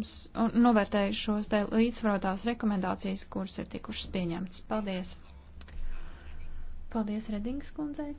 jums un novērtēju šos te līdzsvarotās rekomendācijas, kuras ir tikušas pieņemtas. Paldies! Paldies Redings kundzei!